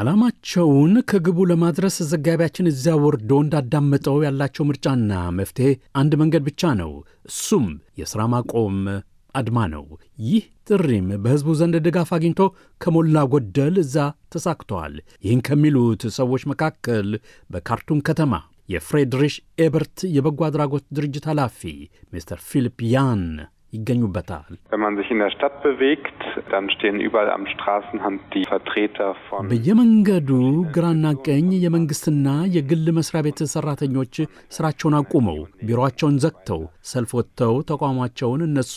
ዓላማቸውን ከግቡ ለማድረስ ዘጋቢያችን እዚያ ወርዶ እንዳዳመጠው ያላቸው ምርጫና መፍትሔ አንድ መንገድ ብቻ ነው። እሱም የሥራ ማቆም አድማ ነው። ይህ ጥሪም በሕዝቡ ዘንድ ድጋፍ አግኝቶ ከሞላ ጎደል እዛ ተሳክተዋል። ይህን ከሚሉት ሰዎች መካከል በካርቱም ከተማ የፍሬድሪሽ ኤበርት የበጎ አድራጎት ድርጅት ኃላፊ ሚስተር ፊሊፕ ያን ይገኙበታል። Wenn man sich in der Stadt bewegt, dann stehen überall am Straßenrand die Vertreter von በየመንገዱ ግራና ቀኝ የመንግስትና የግል መስሪያ ቤት ሰራተኞች ስራቸውን አቁመው ቢሮአቸውን ዘግተው ሰልፍ ወጥተው ተቋማቸውን እነሱ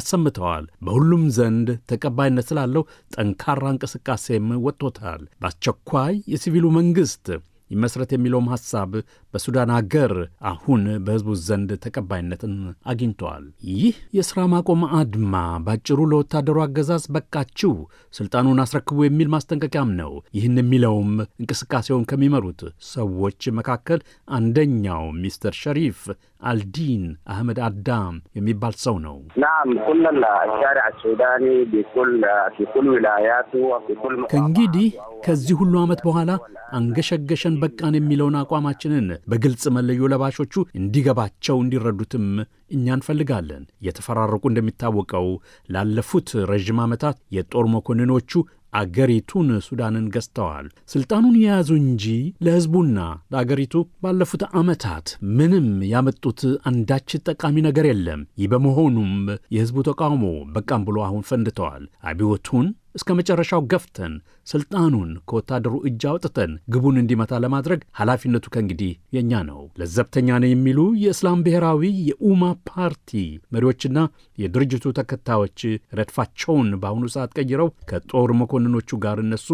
አሰምተዋል። በሁሉም ዘንድ ተቀባይነት ስላለው ጠንካራ እንቅስቃሴም ወጥቶታል። በአስቸኳይ የሲቪሉ መንግስት ይመስረት የሚለውም ሐሳብ በሱዳን አገር አሁን በሕዝቡ ዘንድ ተቀባይነትን አግኝተዋል። ይህ የሥራ ማቆም አድማ ባጭሩ ለወታደሩ አገዛዝ በቃችሁ፣ ሥልጣኑን አስረክቡ የሚል ማስጠንቀቂያም ነው። ይህን የሚለውም እንቅስቃሴውን ከሚመሩት ሰዎች መካከል አንደኛው ሚስተር ሸሪፍ አልዲን አህመድ አዳም የሚባል ሰው ነው። ከእንግዲህ ከዚህ ሁሉ ዓመት በኋላ አንገሸገሸን በቃን የሚለውን አቋማችንን በግልጽ መለዮ ለባሾቹ እንዲገባቸው እንዲረዱትም እኛ እንፈልጋለን። የተፈራረቁ እንደሚታወቀው ላለፉት ረዥም ዓመታት የጦር መኮንኖቹ አገሪቱን ሱዳንን ገዝተዋል። ሥልጣኑን የያዙ እንጂ ለሕዝቡና ለአገሪቱ ባለፉት ዓመታት ምንም ያመጡት አንዳች ጠቃሚ ነገር የለም። ይህ በመሆኑም የሕዝቡ ተቃውሞ በቃም ብሎ አሁን ፈንድተዋል። አብዮቱን እስከ መጨረሻው ገፍተን ስልጣኑን ከወታደሩ እጅ አውጥተን ግቡን እንዲመታ ለማድረግ ኃላፊነቱ ከእንግዲህ የእኛ ነው። ለዘብተኛ ነው የሚሉ የእስላም ብሔራዊ የኡማ ፓርቲ መሪዎችና የድርጅቱ ተከታዮች ረድፋቸውን በአሁኑ ሰዓት ቀይረው ከጦር መኮንኖቹ ጋር እነሱ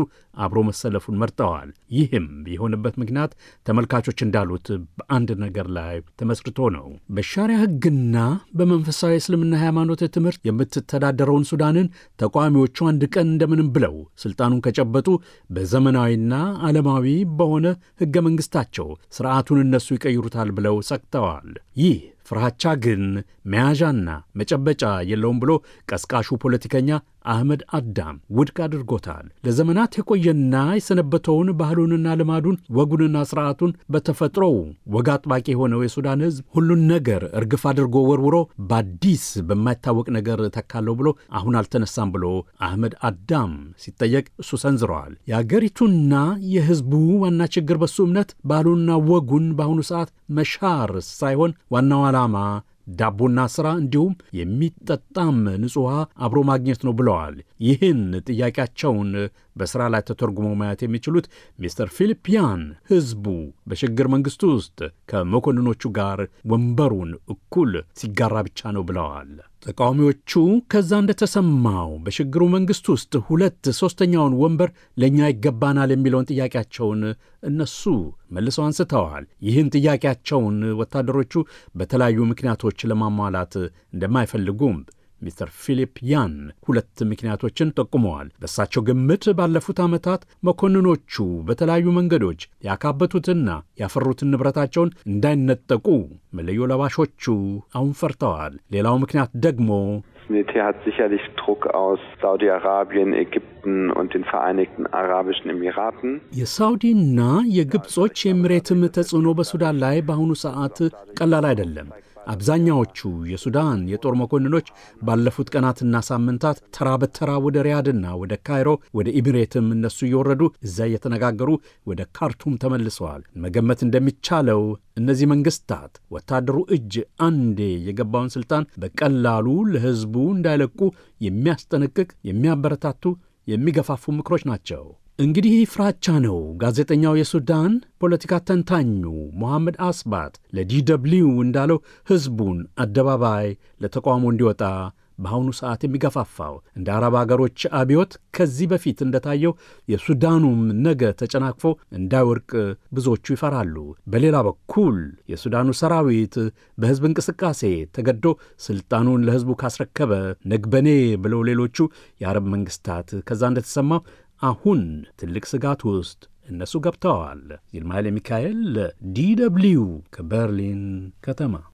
አብሮ መሰለፉን መርጠዋል። ይህም የሆነበት ምክንያት ተመልካቾች እንዳሉት በአንድ ነገር ላይ ተመስርቶ ነው። በሻሪያ ሕግና በመንፈሳዊ እስልምና ሃይማኖት ትምህርት የምትተዳደረውን ሱዳንን ተቃዋሚዎቹ አንድ ቀን እንደምንም ብለው ሥልጣኑን ከጨበጡ በዘመናዊና ዓለማዊ በሆነ ሕገ መንግሥታቸው ሥርዓቱን እነሱ ይቀይሩታል ብለው ሰግተዋል። ይህ ፍርሃቻ ግን መያዣና መጨበጫ የለውም ብሎ ቀስቃሹ ፖለቲከኛ አህመድ አዳም ውድቅ አድርጎታል። ለዘመናት የቆየና የሰነበተውን ባህሉንና ልማዱን ወጉንና ስርዓቱን በተፈጥሮው ወግ አጥባቂ የሆነው የሱዳን ሕዝብ ሁሉን ነገር እርግፍ አድርጎ ወርውሮ በአዲስ በማይታወቅ ነገር ተካለው ብሎ አሁን አልተነሳም ብሎ አህመድ አዳም ሲጠየቅ እሱ ሰንዝረዋል። የአገሪቱና የሕዝቡ ዋና ችግር በሱ እምነት ባህሉንና ወጉን በአሁኑ ሰዓት መሻር ሳይሆን ዋናዋ ዓላማ ዳቦና ሥራ እንዲሁም የሚጠጣም ንጹሕ ውሃ አብሮ ማግኘት ነው ብለዋል። ይህን ጥያቄያቸውን በሥራ ላይ ተተርጉሞ ማየት የሚችሉት ሚስተር ፊሊፕ ሕዝቡ በሽግግር መንግሥቱ ውስጥ ከመኮንኖቹ ጋር ወንበሩን እኩል ሲጋራ ብቻ ነው ብለዋል። ተቃዋሚዎቹ ከዛ እንደተሰማው በሽግግሩ መንግሥት ውስጥ ሁለት ሦስተኛውን ወንበር ለእኛ ይገባናል የሚለውን ጥያቄያቸውን እነሱ መልሰው አንስተዋል። ይህን ጥያቄያቸውን ወታደሮቹ በተለያዩ ምክንያቶች ለማሟላት እንደማይፈልጉም ሚስተር ፊሊፕ ያን ሁለት ምክንያቶችን ጠቁመዋል። በእሳቸው ግምት ባለፉት ዓመታት መኮንኖቹ በተለያዩ መንገዶች ያካበቱትና ያፈሩትን ንብረታቸውን እንዳይነጠቁ መለዮ ለባሾቹ አሁን ፈርተዋል። ሌላው ምክንያት ደግሞ Das Militär hat sicherlich Druck aus Saudi-Arabien, Ägypten und den Vereinigten Arabischen Emiraten. Ihr ihr Saudi na, gibt የሳውዲና የግብጾች ኤምሬትም ተጽዕኖ በሱዳን ላይ በአሁኑ ሰዓት ቀላል አይደለም። አብዛኛዎቹ የሱዳን የጦር መኮንኖች ባለፉት ቀናትና ሳምንታት ተራ በተራ ወደ ሪያድና ወደ ካይሮ ወደ ኢሚሬትም እነሱ እየወረዱ እዛ እየተነጋገሩ ወደ ካርቱም ተመልሰዋል። መገመት እንደሚቻለው እነዚህ መንግስታት ወታደሩ እጅ አንዴ የገባውን ስልጣን በቀላሉ ለሕዝቡ እንዳይለቁ የሚያስጠነቅቅ፣ የሚያበረታቱ፣ የሚገፋፉ ምክሮች ናቸው። እንግዲህ ፍራቻ ነው። ጋዜጠኛው የሱዳን ፖለቲካ ተንታኙ ሞሐመድ አስባት ለዲ ደብልዩ እንዳለው ሕዝቡን አደባባይ ለተቃውሞ እንዲወጣ በአሁኑ ሰዓት የሚገፋፋው። እንደ አረብ አገሮች አብዮት ከዚህ በፊት እንደታየው የሱዳኑም ነገ ተጨናክፎ እንዳይወድቅ ብዙዎቹ ይፈራሉ። በሌላ በኩል የሱዳኑ ሰራዊት በሕዝብ እንቅስቃሴ ተገዶ ስልጣኑን ለሕዝቡ ካስረከበ ነግበኔ ብለው ሌሎቹ የአረብ መንግስታት ከዛ እንደተሰማው አሁን ትልቅ ስጋት ውስጥ እነሱ ገብተዋል። ይልማይል ሚካኤል ዲ ደብልዩ ከበርሊን ከተማ